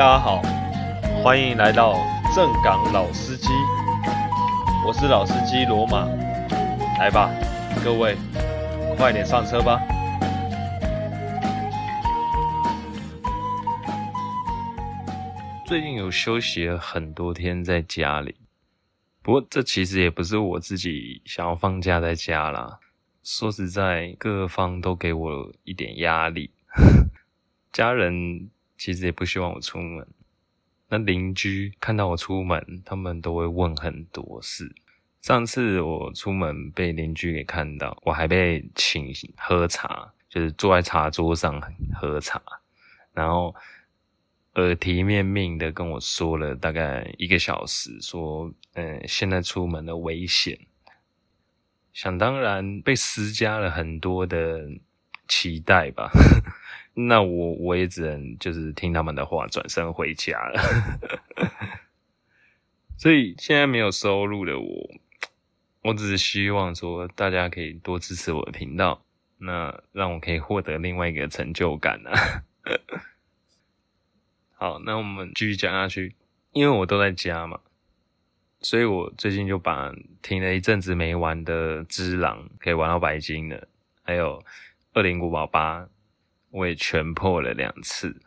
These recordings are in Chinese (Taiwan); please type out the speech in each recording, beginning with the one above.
大家好，歡迎來到正港老司機，我是老司機羅馬，來吧，各位，快點上車吧。最近有休息了很多天在家裡，不過這其實也不是我自己想要放假在家啦。說實在，各方都給我一點壓力， 家人。其實也不希望我出門。那鄰居看到我出門，他們都會問很多事。上次我出門被鄰居給看到，我還被請喝茶，就是坐在茶桌上喝茶，然後耳提面命的跟我說了大概一個小時，說：“嗯，現在出門的危險。”想當然被施加了很多的期待吧。 那我我也只能就是聽他們的話，轉身回家了。 所以現在沒有收入的我，我只是希望說大家可以多支持我的頻道，那讓我可以獲得另外一個成就感啊。 好，那我們繼續講下去，因為我都在家嘛，所以我最近就把停了一陣子沒玩的《只狼》可以玩到白金了，還有《二零五八八》。我也全破了兩次，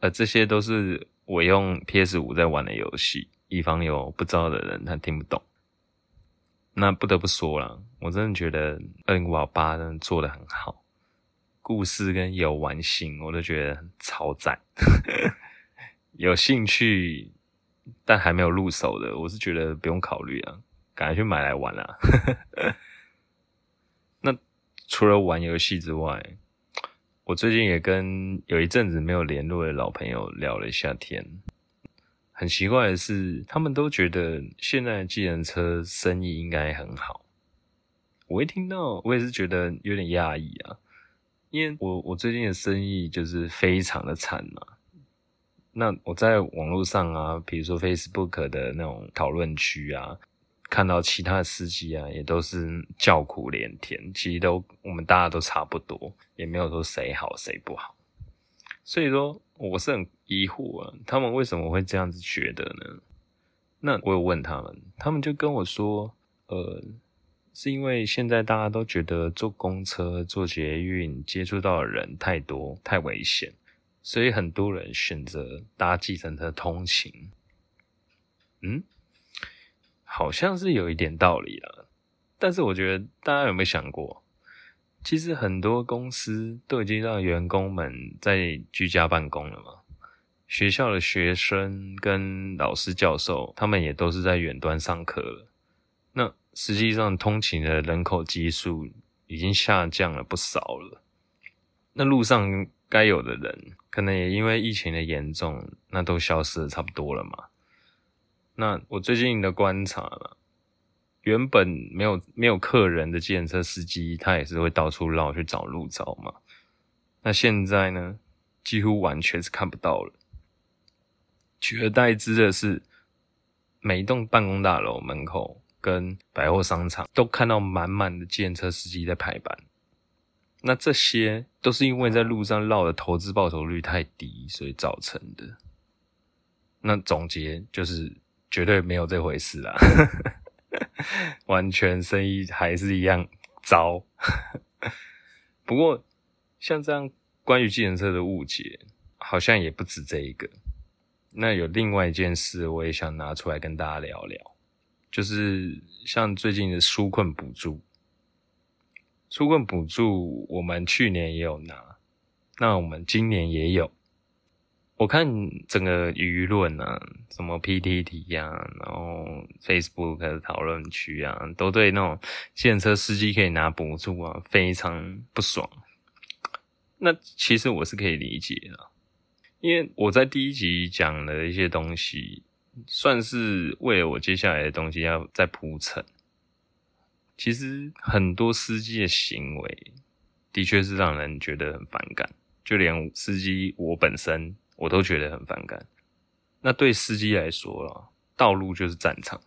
呃，這些都是我用 PS 五在玩的遊戲，以防有不知道的人他聽不懂。那不得不說了，我真的覺得二零五八八真的做得很好，故事跟遊玩性我都覺得超讚。 有興趣但還沒有入手的，我是覺得不用考慮啊，趕快去買來玩啦、啊。 那除了玩遊戲之外，我最近也跟有一陣子沒有聯絡的老朋友聊了一下天，很奇怪的是，他們都覺得現在的計程車生意應該很好。我一聽到，我也是覺得有點訝異啊，因為我我最近的生意就是非常的慘嘛。那我在網絡上啊，比如說 Facebook 的那種討論區啊。看到其他司機啊，也都是叫苦連天。其實都我們大家都差不多，也沒有說誰好誰不好。所以說，我是很疑惑啊，他們為什麼會這樣子覺得呢？那我有問他們，他們就跟我說，呃，是因為現在大家都覺得坐公車、坐捷運接觸到的人太多，太危險，所以很多人選擇搭計程車通勤。嗯。好像是有一點道理啊，但是我覺得大家有沒有想過，其實很多公司都已經讓員工們在居家辦公了嘛？學校的學生跟老師教授，他們也都是在遠端上課了。那實際上通勤的人口基數已經下降了不少了。那路上該有的人，可能也因為疫情的嚴重，那都消失的差不多了嘛？那我最近的觀察了原本沒有沒有客人的計程車司機，他也是會到處繞去找路找嘛。那現在呢，幾乎完全是看不到了。取而代之的是，每一棟辦公大樓門口跟百貨商場，都看到滿滿的計程車司機在排班。那這些都是因為在路上繞的投資報酬率太低，所以造成的。那總結就是。絕對沒有這回事啦， 完全生意還是一樣糟。 不過，像這樣關於計程車的誤解，好像也不止這一個。那有另外一件事，我也想拿出來跟大家聊聊，就是像最近的紓困補助。紓困補助，我們去年也有拿，那我們今年也有。我看整個輿論啊，什麼 PTT 啊，然後 Facebook 的討論區啊，都對那種計程車司機可以拿補助啊非常不爽。那其實我是可以理解的，因為我在第一集講了一些東西，算是為了我接下來的東西要再鋪陳。其實很多司機的行為的確是讓人覺得很反感，就連司機我本身。我都覺得很反感。那對司機來說啊，道路就是戰場。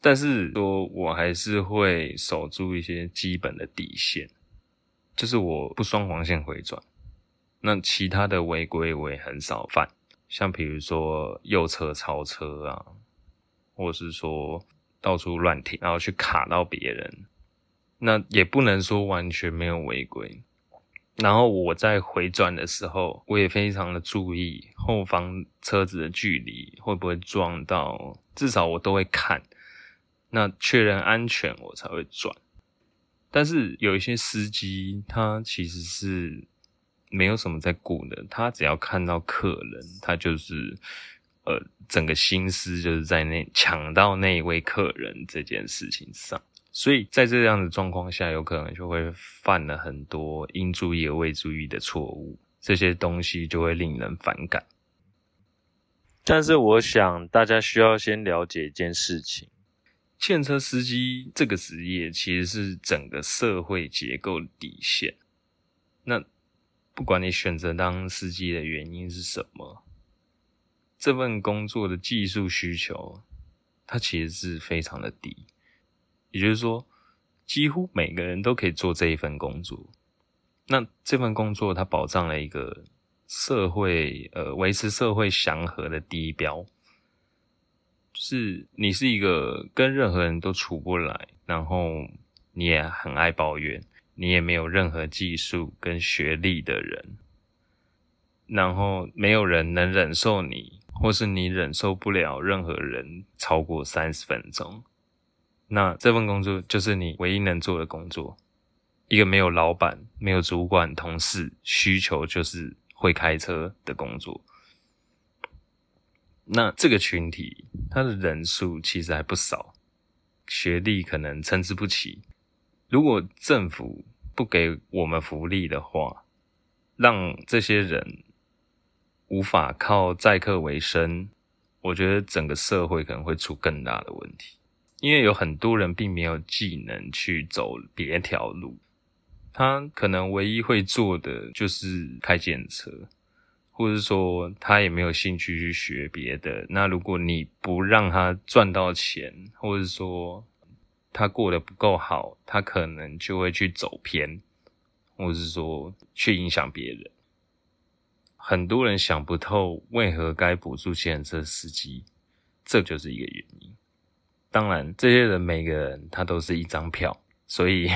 但是說，我還是會守住一些基本的底線，就是我不雙黃線回轉。那其他的違規我也很少犯，像比如說右側超車啊，或是說到處亂停，然後去卡到別人。那也不能說完全沒有違規。然後我在回轉的時候，我也非常的注意後方車子的距離會不會撞到，至少我都會看，那確認安全我才會轉。但是有一些司機，他其實是沒有什麼在顧的，他只要看到客人，他就是呃整個心思就是在那搶到那一位客人這件事情上。所以在這樣的狀況下，有可能就會犯了很多應注意而未注意的錯誤，這些東西就會令人反感。但是，我想大家需要先了解一件事情，汽車司機這個職業其實是整個社會結構的底線。那不管你選擇當司機的原因是什麼，這份工作的技術需求，它其實是非常的低。也就是說，幾乎每個人都可以做這一份工作。那這份工作，它保障了一個社會，呃，維持社會祥和的底標，就是你是一個跟任何人都處不來，然後你也很愛抱怨，你也沒有任何技術跟學歷的人，然後沒有人能忍受你，或是你忍受不了任何人超過三十分鐘。那這份工作就是你唯一能做的工作，一個沒有老闆、沒有主管、同事，需求就是會開車的工作。那這個群體他的人數其實還不少，學歷可能參差不齊。如果政府不給我們福利的話，讓這些人無法靠載客為生，我覺得整個社會可能會出更大的問題。因為有很多人並沒有技能去走別條路，他可能唯一會做的就是開計程車，或者說他也沒有興趣去學別的。那如果你不讓他賺到錢，或者說他過得不夠好，他可能就會去走偏，或者是說去影響別人。很多人想不透為何該補助計程車司機，這就是一個原因。當然，這些人每個人他都是一張票，所以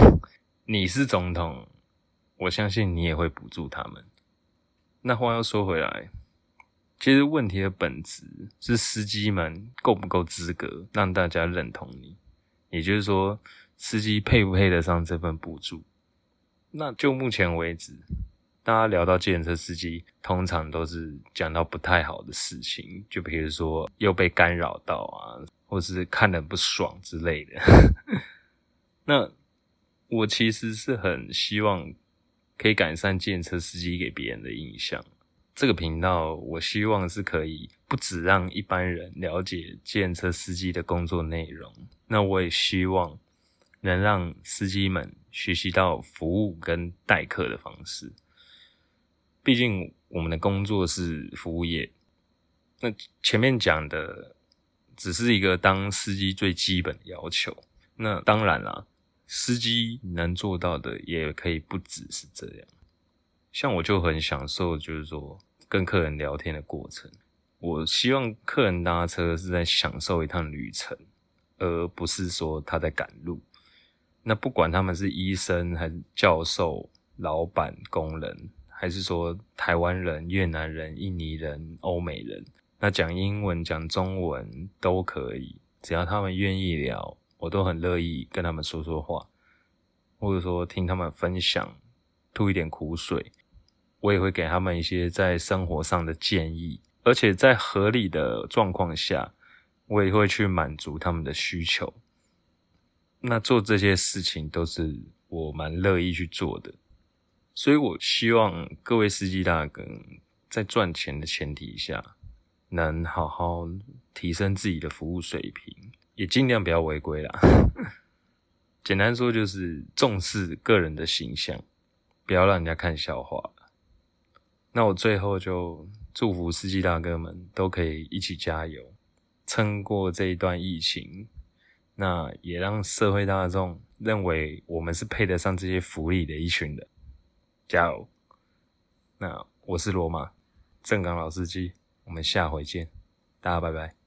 你是總統，我相信你也會補助他們。那話又說回來，其實問題的本質是司機們夠不夠資格讓大家認同你，也就是說，司機配不配得上這份補助？那就目前為止，大家聊到計程車司機，通常都是講到不太好的事情，就比如說又被干擾到啊。或是看得不爽之類的， 那我其實是很希望可以改善建車司機給別人的印象。這個頻道，我希望是可以不止讓一般人了解建車司機的工作內容，那我也希望能讓司機們學習到服務跟待客的方式。畢竟我們的工作是服務業，那前面講的。只是一個當司機最基本的要求，那當然啦、啊，司機能做到的也可以不只是這樣。像我就很享受，就是說跟客人聊天的過程。我希望客人搭車是在享受一趟旅程，而不是說他在趕路。那不管他們是醫生、還是教授、老闆、工人，還是說台灣人、越南人、印尼人、歐美人。那講英文、講中文都可以，只要他們願意聊，我都很樂意跟他們說說話，或者說聽他們分享、吐一點苦水，我也會給他們一些在生活上的建議，而且在合理的狀況下，我也會去滿足他們的需求。那做這些事情都是我蠻樂意去做的，所以我希望各位司機大哥在賺錢的前提下，能好好提升自己的服務水平，也盡量不要違規啦。 簡單說就是重視個人的形象，不要讓人家看笑話。那我最後就祝福司機大哥們都可以一起加油，撐過這一段疫情。那也讓社會大眾認為我們是配得上這些福利的一群人。加油！那我是羅馬，正港老司機。我們下回見，大家拜拜。